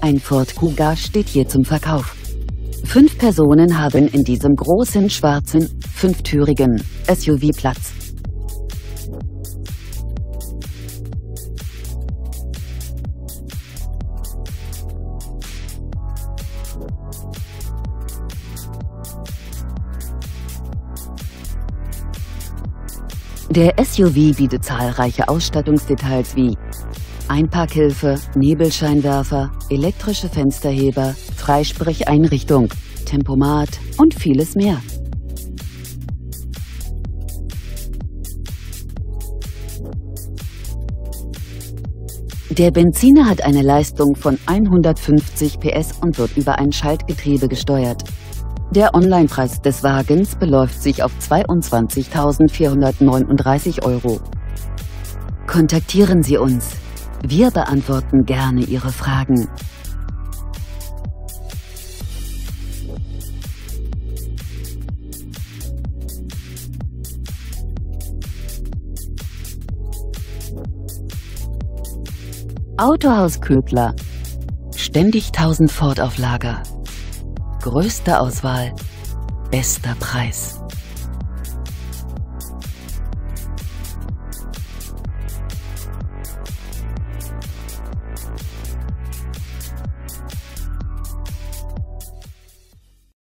Ein Ford Kuga steht hier zum Verkauf. Fünf Personen haben in diesem großen schwarzen, fünftürigen SUV Platz. Der SUV bietet zahlreiche Ausstattungsdetails wie Einparkhilfe, Nebelscheinwerfer, elektrische Fensterheber, Freisprecheinrichtung, Tempomat und vieles mehr. Der Benziner hat eine Leistung von 150 PS und wird über ein Schaltgetriebe gesteuert. Der Onlinepreis des Wagens beläuft sich auf 22.439 Euro. Kontaktieren Sie uns. Wir beantworten gerne Ihre Fragen. Autohaus Ködler. Ständig 1000 Ford auf Lager. Größte Auswahl, bester Preis.